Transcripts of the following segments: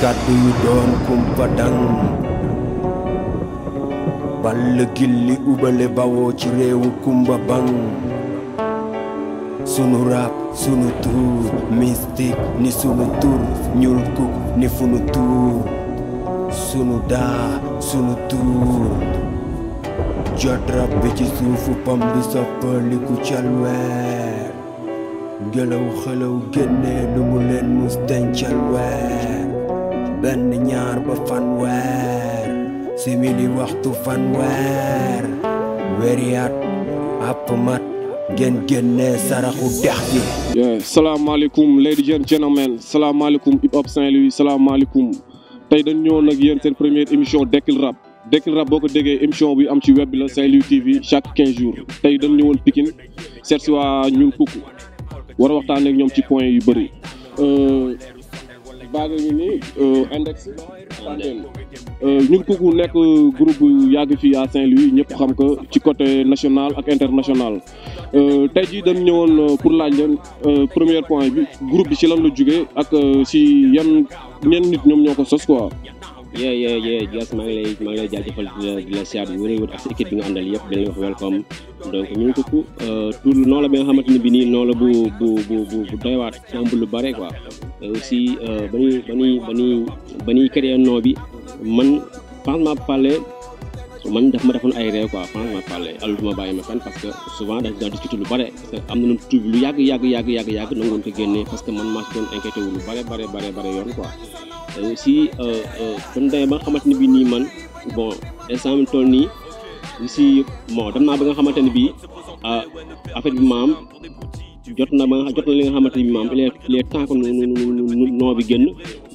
kàddu yu doon kumpa dang ball gilli ubale bawoo ci réewu kumba bang sunu rap sunu tuur mystique ni sunu tur ñuul ni funu tuur sunu daa sunu tuur jot rab ci suufu pam bi soppaliku calweer ngelaw xelaw génnee mu leen mus dencal benn ñaar ba fanweer simili waxtu fanweer wéri at àpp mat ngeen génne saraxu dex gi salaamaaleykum ladies and gentlemen salaamaaleykum hip hop Saint-Louis salaamaaleykum tey dañ ñëwoon nag yéen seen première émission Dekkil rab Dekkil Rap boo ko jegee émission bi am ci web bi la Saint-Louis TV chaque 15 jours tey dañ ñëwoon Pikine seet si waa ñuul kukk war a waxtaan ak ñoom ci point yu bëri euh, baaga ngi nii euh, index Fandène euh, ñun nekk group yàgg fii à Saint-Louis ñëpp xam ko ci côté national ak international euh, tey jii dañ ñëwoon pour laaj leen premier point bi groupe bi ci lan la jógee ak si yan ñenn nit ñoom ñoo ko sos quoi yeah yeah yeah Dias maa ngi lay maa ngi lay di la siyaar bu wér ak sa équipe bi nga àndal yëpp di la wax welcome donc ñu ngi ko euh, tur noo la bi nga xamante ne bi nii noo la bu bu bu bu doy lu bare quoi et aussi euh, ba ñuy ba ñuy ba ñuy bi man franchement parler man daf ma defoon ay réew quoi franchement parler alors du souvent dañ discuter lu bare am na lu tuub lu yàgg yàgg yàgg yàgg yàgg nangoon ko génnee parce man maa si doon inquiété bare bare bare bare yoon ko et aussi euh, euh, kon demee ba nga xamante ne bii nii man bon instant mi toll nii aussi bon dem naa ba nga xamante ne bii ah, affaire bi maam jot na ba jot na li nga xamante ne bii maam il est temps que nu bi génn.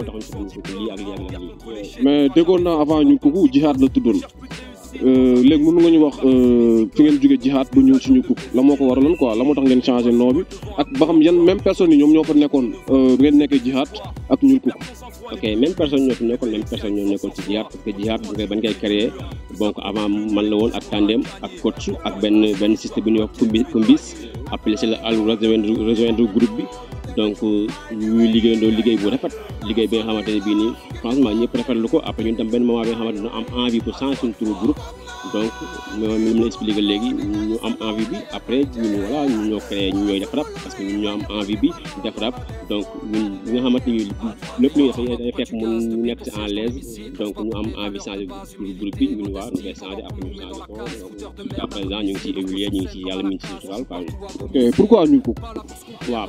moo tax ñu ko lii ak lii ak mais déggoon naa avant ñu kuku jihaad la tuddoon euh, léegi mën nga ñu wax euh, fi ngeen jóge jihaad bu ñëw suñu la moo ko waraloon quoi la moo tax ngeen changé nom ak ba xam yan même personne ñoom ñoo fa nekkoon bi euh, ngeen nekkee jihaad ak ñuul kuk. ok même personne ñoo nekkoon ci jihaad parce que jihaad bu fekkee bañ donc avant man la woon ak tandem ak coach ak benn benn système bu ñuy wax kumbis kumbis après la al rejoindre groupe bi. donc ñuy liggéeyandoo liggéey bu rafet liggéey bi nga xamante ne nii franchement bi nga xamante ne am envie pour changer suñu turu groupe donc ñu am ñoo créé ñu parce que ñun ñoo am envie bi def rap donc ni lépp lu ñuy def day fekk mu nekk en l'aise donc ñu am envie changer groupe bi ñun waaw ñu koy changer après ñu changer ko donc ñu ngi ciy évoluer ñu ngi ci yàlla mi ngi quoi. ok ko. waaw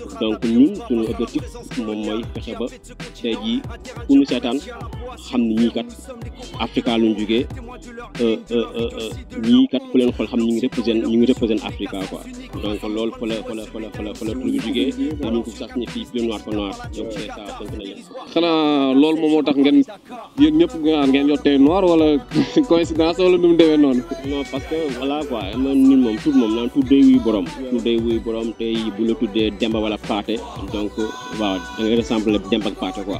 donc ñun suñu objectif moom mooy fexe ba tey jii ku ñu seetaan xam ni ñii kat Africa luñ jógee euh, euh, euh, ñii kat ku leen xool xam ñu ngi représente ñu ngi représente Africa quoi donc loolu fa la fa la fa la fa la fa la tur bi jógee ñu ngi ko sax ni fii bleu noir fa noir donc c'est ça donc la yem xanaa loolu moom moo tax ngeen yéen ñëpp nga ngeen yor tey noir wala coïncidence wala nu mu demee noonu non parce que voilà quoi man ñun moom tur moom naan tur day wuy borom tur day wuy borom tey bu la tuddee Demba wala Paate donc waaw da ngay ressembler Demba ak Paate quoi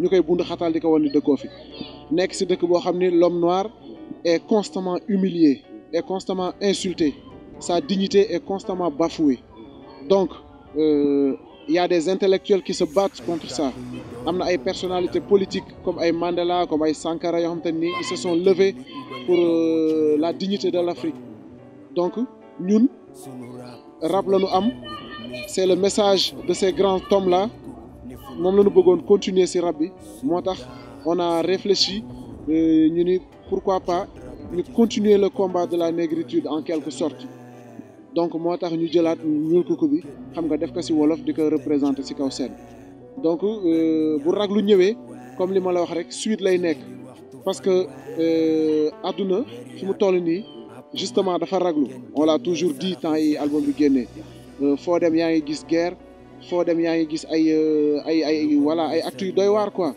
ñu koy bund di ko fi l'homme noir est constamment humilié est constamment insulté sa dignité est constamment bafouée donc il euh, y a des intellectuels qui se battent contre ça y a ay personnalités politiques comme Mandela comme Sankara qui ils se sont levés pour euh, la dignité de l'Afrique donc ñun rappelons-nous, c'est le message de ces grands hommes là nous avons nous bëggoon continuer on a réfléchi euh, pourquoi pas continuer le combat de la négritude en quelque sorte donc nous avons ñu jëlaat nous bi xam wolof représenter si kaw donc euh, bu raglu comme les suite parce que euh, nous nous justement, justement on l'a toujours dit dans yi album du Faut dem guerre faut dem yaa ngi gis ay euh, ay ay voilà ay actes yu doy waar quoi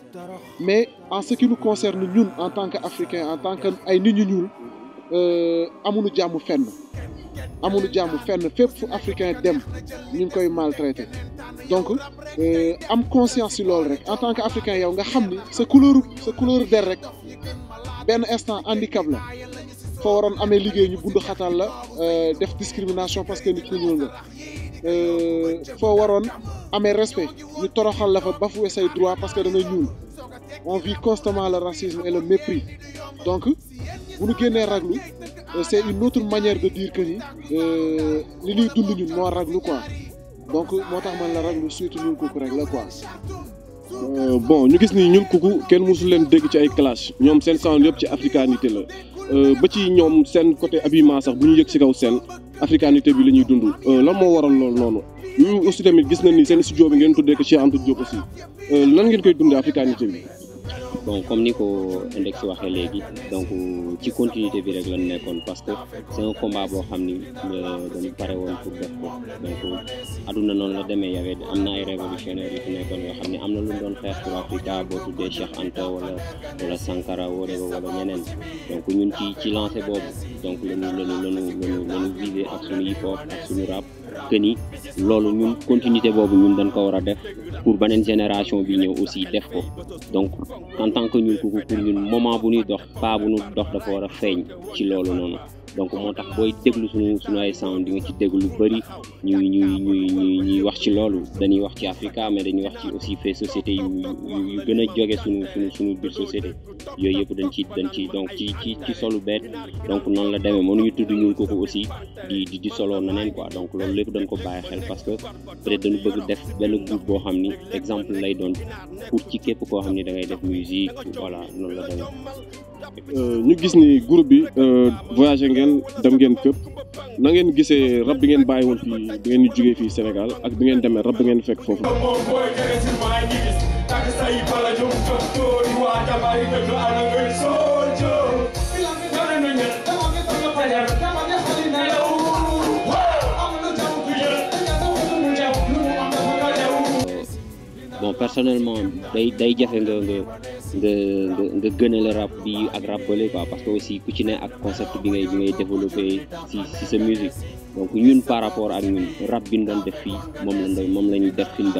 mais en ce qui nous concerne ñun en tant que africain en tant que ay nit ñu euh amuñu jamm fenn amuñu jamm fenn fépp fu africain dem ñu ngi koy maltraité donc euh, am conscience ci lool rek en tant que africain yow nga xam ni sa couleur sa couleur der rek ben instant handicap la fo waroon amé liggéey ñu bund xatal la euh, def discrimination parce que nit ku ñuul foo waroon amé respect ñu toroxal la fa ba fu say droit parce que da ngay ñuul on vit constamment le racisme et le mépris donc bu ñu génnee raglu euh, c'est une autre manière de dire que ni euh, li ñuy dund ñun mo raglu quoi donc motax man la raglu suite ñu kooku rek la quoi. Euh, bon ñu gis ni ñun kuku kenn mosul leen dégg ci ay clash ñom sen sound yop ci africanité la euh ba ci ñom sen côté habillement sax bu ñu yëg ci kaw sen africanité bi la ñuy dund euh, lan moo waral loolu noonu ñu aussi tamit gis nañ ni seen studio bi ngeen tuddee ko Cheikh Anta Diop aussi euh, lan ngeen koy dundee africanité bi bon comme ni ko index waxee léegi donc ci continuité bi rek lañ nekkoon parce que c'est un combat boo xam ni euh, dañu pare woon pour def ko donc aduna noonu la demee yawee am na ay révolutionnaires yu nekkoon yoo xam ne am na lu ñu doon xeex pour Africa boo tuddee Cheikh Anta wala wala Sankara wala wala ñeneen donc ñun ci ci lancé boobu donc lañu lañu lañu lañu ak suñu hip ak suñu rap que loolu ñun continuité boobu ñun dañ ko war a def pour beneen génération bi ñëw aussi def ko donc en tant que ñun kooku pour ñun bu ñuy dox pas bu ñu dox war a ci loolu noonu donc moo tax booy déglu suñu suñu ay sound di nga ci déglu lu bëri ñuy ñuy ñuy ñuy ñuy wax ci loolu dañuy wax ci Africa mais dañuy wax ci aussi fait société yu yu gën a jóge suñu suñu suñu biir société yooyu yëpp dañ ci dañ ci donc ci ci ci solu beet donc noonu la demee mënuñu tudd ñun kooku aussi di di di soloo na neen quoi donc loolu lépp dañ ko bàyyi xel parce que peut-être bëgg def benn groupe boo xam ni exemple lay doon pour ci képp koo xam ne da ngay def musique voilà noonu la demee. Euh, ñu gis ni groupe bi euh, voyagé ngeen dem ngeen këpp na ngeen gisee rab bi ngeen bàyyi woon fii bi ngeen di jugee fii Sénégal ak bi ngeen demee rab bi ngeen fekk foofu. bon personnellement day day jafé nga nga de nga gënal rap bi ak rap quoi parce que aussi ku ci né ak concept bi ngay bi ngay développé si si sa musique donc ñun par rapport ak ñun rap bi ndon def fi mom lañ doon moom la def fi ñu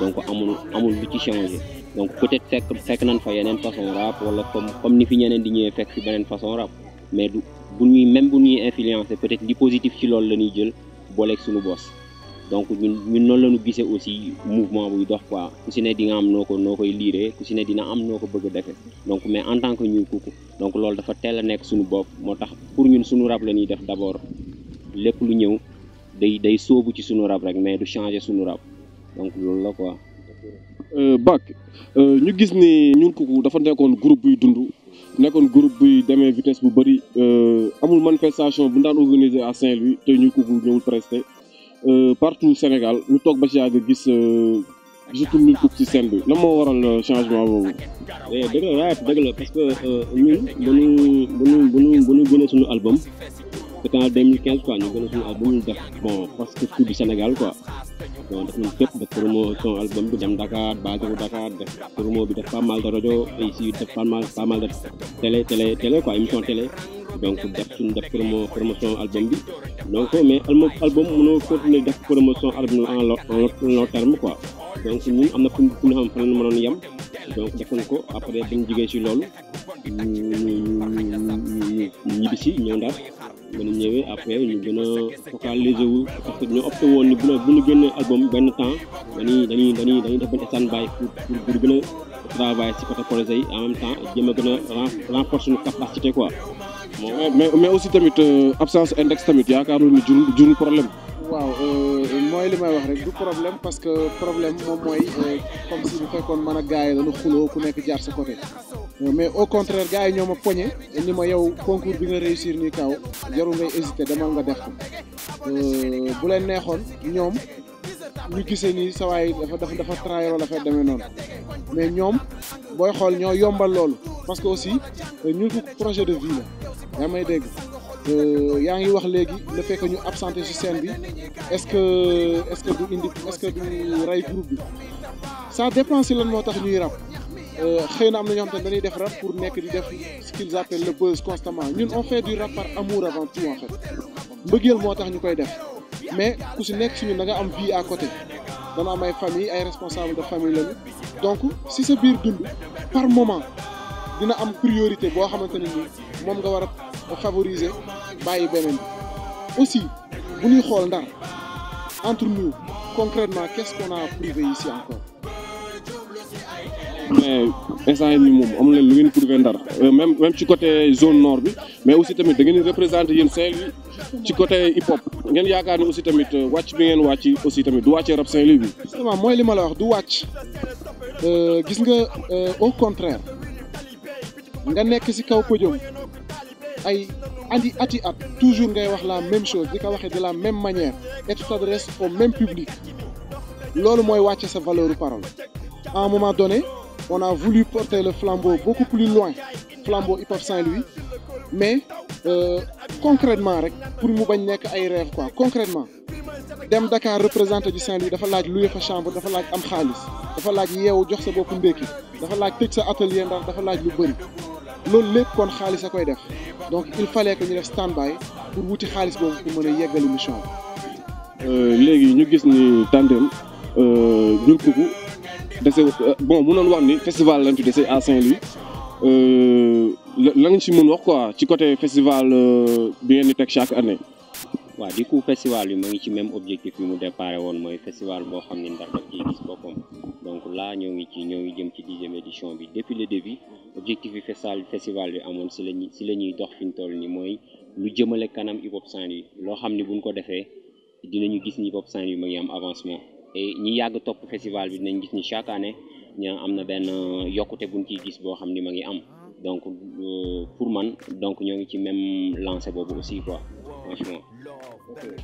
donc amul amul lu ci changé donc peut-être fek fek nañ fa yenen façon rap wala comme comme ni fi ñeneen di ñëwee fek fi benen façon rap mais du bu ñuy même bu ñuy influencer peut-être li positif ci lool la ñuy jël booleeg suñu boss donc ñun ñun noonu la aussi mouvement buy dox quoi Nous si ne di nga am noo ko ku si ne dina am donc mais en tant que ñuy donc loolu dafa teel a pour ñun suñu rab la ñuy def d' abord lépp lu ñëw ci suñu rek mais du changer suñu donc loolu la quoi. Euh, Bac euh, ñu ni ñun dafa groupe buy dund nekkoon groupe buy demee vitesse bu bëri euh, amul manifestation bu à Saint-Louis te ñu ñëwul euh, partout Sénégal nous tok ba si yàgg euh gisatul ñu tukki ci scène bi lan moo waral euh, changement boobu. Eh, dëgg la waaye dëgg la parce que euh, ñun bu ñu bu ñu bu ñu bu ñu gënee suñu album c'est en 2015 quoi ñu gënee suñu album ñu def bon parce que tout du Sénégal quoi. bon def fait fépp def promotion album bu dem Dakar basé wu Dakar def promo bi def pas mal de rajo ici def pas mal pas mal de télé télé télé quoi émission télé. donc def suñ def promo promotion album bi donc mais album album mënoo continuer def promotion album en long terme quoi donc ñun am na fu ñu xam fan la ñu mënoon yem donc defoon ko après bi ñu jógee si loolu ñu ñu ñibbi si ñëw ndax ba ñu ñëwee après ñu gën a focaliser wu parce que ñu opté woon ni bu ñu bu ñu génnee album benn temps dañuy dañuy dañuy dañuy def benn stand by pour pour gën a travailler si côté projet yi en même temps jéem a gën a renforcer suñu capacité quoi. mais mais aussi tamit euh, absence index tamit yaakaarul ni jurul jurul problème. waaw euh, mooy li may wax rek du problème parce que problème moom mooy euh, comme si bu fekkoon man a gaay la dañu xuloo ku nekk jaar sa côté mais au contraire gars yi ñoo ma poñe ni ma yow concours bi nga réussir nii kaw jarul ngay hésiter demal nga def ko bu leen neexoon ñoom ñu gisee ni sa waay dafa dafa dafa trahir wala fa demee non mais ñom boy xol ñoo yombal parce que aussi euh, ñu projet de vie la yaa may dégg euh, yaa ngi wax légui le fait que ñu absenté ci scène bi est-ce que est-ce que du indi est-ce que du ray groupe bi ça dépend si lan moo tax ñuy rap euh, xëy na am na ñoo xam dañuy def rap pour nekk di def ce qu'ils appellent le buzz constamment ñun on fait du rap par amour avant tout en fait mbëggeel moo tax ñu koy def mais ku si nekk si ñun nga am vie à côté dana am ay famille ay responsable de famille lañu donc si sa biir dund par moment dina am priorité boo xamante ni moom nga war a favoriser bàyyi beneen bi aussi bu ñuy xool ndar entre nous concrètement qu'est-ce qu'on a privé ici encore. mais instant yi nii moom am leen lu ngeen privé ndar euh, même même ci côté zone nord bi mais aussi tamit da ngeen di représenter yéen Saint-Louis ci côté hip hop ngeen yaakaar ni aussi tamit euh, wàcc bi ngeen wàcc aussi tamit du wàccee rap Saint-Louis bi. vraiment mooy li ma la wax du wàcc euh, gis nga euh, au contraire nga nekk si kaw podium ay andi ati at toujours ngay wax la même chose di ko waxee de la même manière et tu t'adresses au même public loolu mooy wàcce sa valeur parole à un moment donné on a voulu porter le flambeau beaucoup plus loin flambeau hip hop Saint-Louis mais. euh, concrètement rek pour mu bañ nek ay rêve quoi concrètement dem Dakar représenté du Saint-Louis dafa laaj louer fa chambre dafa laaj am xaliss dafa laaj yeewu jox sa bopp ndékki dafa laaj tej sa atelier ndax dafa laaj lu bari loolu lepp kon xaliss akoy def donc il fallait que ñu def standby by pour wuti xaliss boobu pour mëna a yeggali mission bi. Euh, léegi ñu gis ni tandem Ndioull euh, Coucou dese euh, bon mënoon wax ni festival lañ fi à Saint-Louis. Euh, lan ci mën wax quoi ci festival euh, bi ngeen di chaque année. festival ngi ci même objectif mu déparé woon mooy festival boo xam ne gis donc là ngi ci jëm ci depuis le début objectif festival festival dox lu kanam hip hop ko avancement et ñi yàgg topp festival chaque année ña am na benn yokkute buñ ci gis bo xamni ma ngi am donc euh, pour man donc ñoo ngi ci même lancer bobu aussi quoi franchement.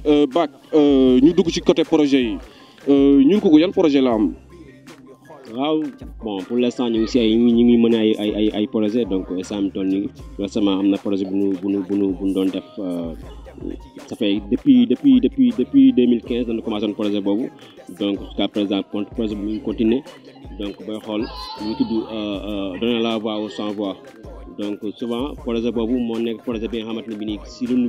euh Bac euh, ñu dugg ci côté projet yi euh ñun ko ko yan projet la am. waaw bon pour l'instant ñu ngi si ay ñu ngi mëna ay ay ay projet donc ça am toll nii récemment amna projet bu nu bu nu bu nu doon def. euh ça fait depuis depuis depuis depuis 2015 à commencé à projet donc jusqu'à présent projet donc euh, euh, donner la voix sans voix donc souvent projet si nous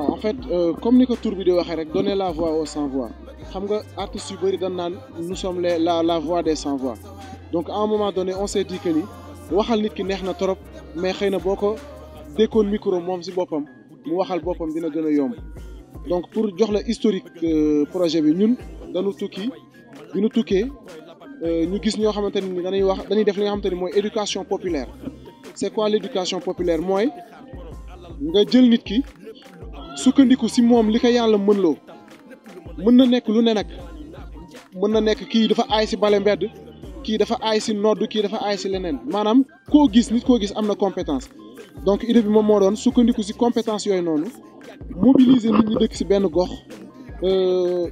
en fait euh, comme nous ko dit di donner la voix aux sans voix xam nga yu nous sommes la voix des sans voix donc à un moment donné on s'est dit que ni waxal nit ki neex trop mais micro nous si mu waxal dina donc pour jox la historique euh, projet bi ñun dañu tukki nous euh, ñu gis nous, dañuy wax dañuy éducation populaire c'est quoi l'éducation populaire mooy nga jël nit ki. sukkandiku si moom li ko yàlla mën loo mën na nekk lu ne nag mën na nekk kii dafa aay si bale mbedd kii dafa aay si nodd kii dafa aay si leneen maanaam koo gis nit koo gis am na compétence donc idée bi moom moo doon sukkandiku si compétence yooyu noonu mobiliser nit ñi dëkk si benn gox euh,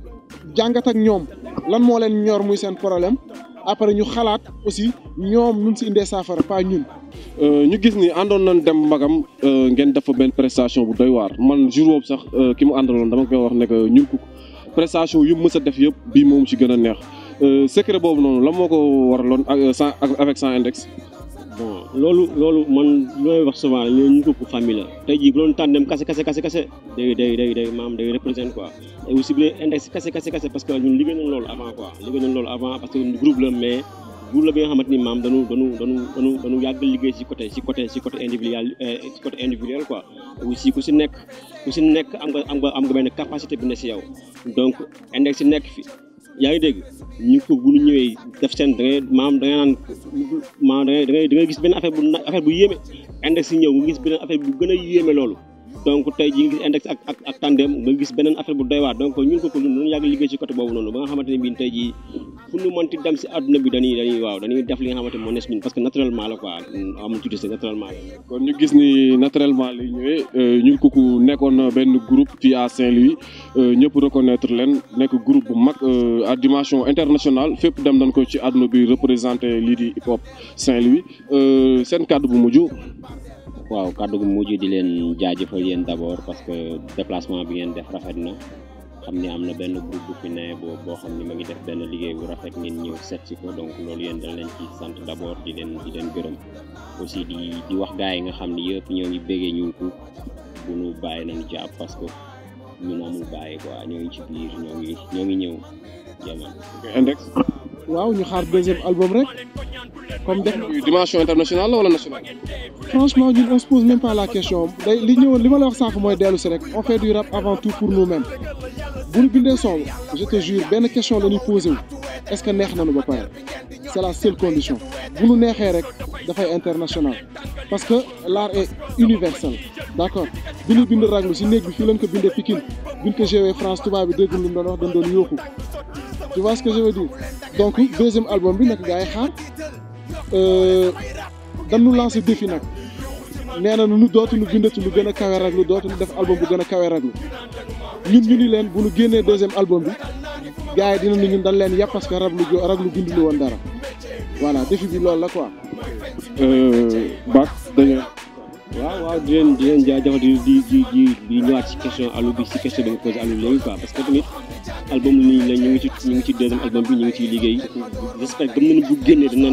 jàngat ak ñoom lan moo leen ñor muy seen problème après ñu xalaat aussi ñoom ñu si indee saafara paa ñun. Euh, ñu gis ni àndoon nañ dem magam euh, ngeen def fa benn prestation bu doy waar man jour boobu sax euh, ki mu àndaloon dama koy wax ne ñu ñun ko prestation yu mës a def yëpp bii moom ci gën a neex secret boobu noonu la moo ko waraloon ak avec sans index. bon loolu loolu man looy wax souvent la ñu ko famille la tey jii bu doon tànn dem kase kase kase kase day day day day maam day représente quoi aussi bu dee index kase kase parce que ñun liggéey nañ loolu avant quoi liggéey nañ loolu avant parce que groupe la mais groupe la bi nga xamante ni maam dañu dañu dañu liggéey si côté si côté eh, individuel si aussi ku si nekk ku si nekk am nga am nga benn capacité bi ne si yow donc index si nekk yaa ngi dégg ñu ko bu ñu ñëwee def seen da ngay maam da ngay naan maam da ngay da ngay gis benn affaire bu affaire bu yéeme index si ñëw nga gis benn affaire bu gën a yéeme loolu donc tey jii nga gis index ak ak ak gis beneen affaire bu doy waar donc ñun ko ko ñun yàgg liggéey ci côté boobu noonu ba nga xamante ne bii tey jii fu ñu mënti dem si àdduna bi dañuy dañuy waaw dañuy def li nga xamante moo nes min parce que naturellement la quoi amul gis ni naturellement lay ñëwee euh, ñun ko ku nekkoon benn group fii à Saint-Louis euh, ñëpp reconnaître leen nekk groupe bu mag euh, à dimension international fépp dem nañ ko ci àdduna bi représenté lii di hip hop Saint-Louis seen kàddu bu mujj waaw kàddu gu mujj di leen jaajëfal yéen d' abord parce que déplacement bi ngeen def rafet na xam ni am na benn groupe bu fi ne boobu boo xam ni ma ngi def benn liggéey bu rafet ngeen ñëw set ci ko donc loolu yéen dal leen ci sant d' abord di leen di leen gërëm aussi di di wax gars yi nga xam ni yëpp ñoo ngi béggee ñun ko bu nu bàyyi nañu jàpp parce que ñun amul bàyyi quoi ñoo ngi ci biir ñoo ngi ñoo ngi ñëw jaman index waaw ñu xaar deuxième album rek comme def dimension internationale la nationale. franchement ñun on se pose même pas la question day li ñëw li ma la wax sax moy délu ci rek on fait du rap avant tout pour nous-mêmes buñu bindé bindee je te jure ben question la ñu poser est-ce que neex nañu ba paré c'est la seule condition bu ñu neexee rek dafay international parce que l'art est universel d'accord bu ñu bind raglu si néeg bi fi lañ ko bindé Pikine buñ ko France tuba bi dégg lu ñu doon wax dañ doon tu vois ce que je veux dire donc deuxième album bi nak gaay xaar. Euh, dañu lancé défi nag nee na nu dootuñu bindati lu gën a kawe raglu dootuñu def album bu gën a kawe raglu ñun ñu ni leen bu ñu génnee deuxième album bi gars dina dinañu ñun dal leen yàpp parce que raglu raglu binduñu woon dara voilà défi bi loolu la quoi. Euh, Bak dañu waaw waaw di leen di leen jaajëfal di di di di di ngi ci ñu ngi ci deuxième album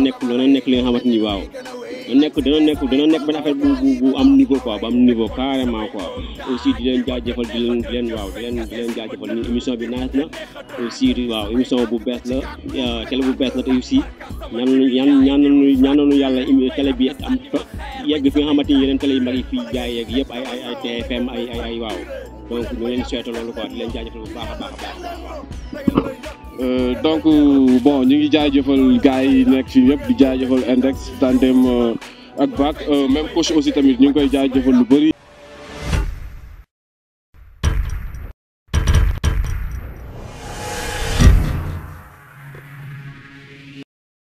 nekk dana nekk li nekk dana nekk dana nekk benn affaire bu bu bu di leen jaajëfal di leen di leen waaw di leen di leen jaajëfal émission bi naat na émission bu bees la euh, télé bu bees la te aussi ñaan ñaan ñaan ñaan nañu yàlla télé bi am fa yegg fi nga xamante yeneen télé yu mag yi fii jaay yeeg ay ay ay TFM ay ay ay waaw donc ñoo leen souhaité loolu quoi di leen jaajëfal baax a baax a baax. Euh, donc bon ñu ngi jaajëfal gars yi nekk ci yëpp di jaajëfal Index Tandem euh, ak BAC euh, même coach aussi tamit ñu ngi koy jëfal lu bëri.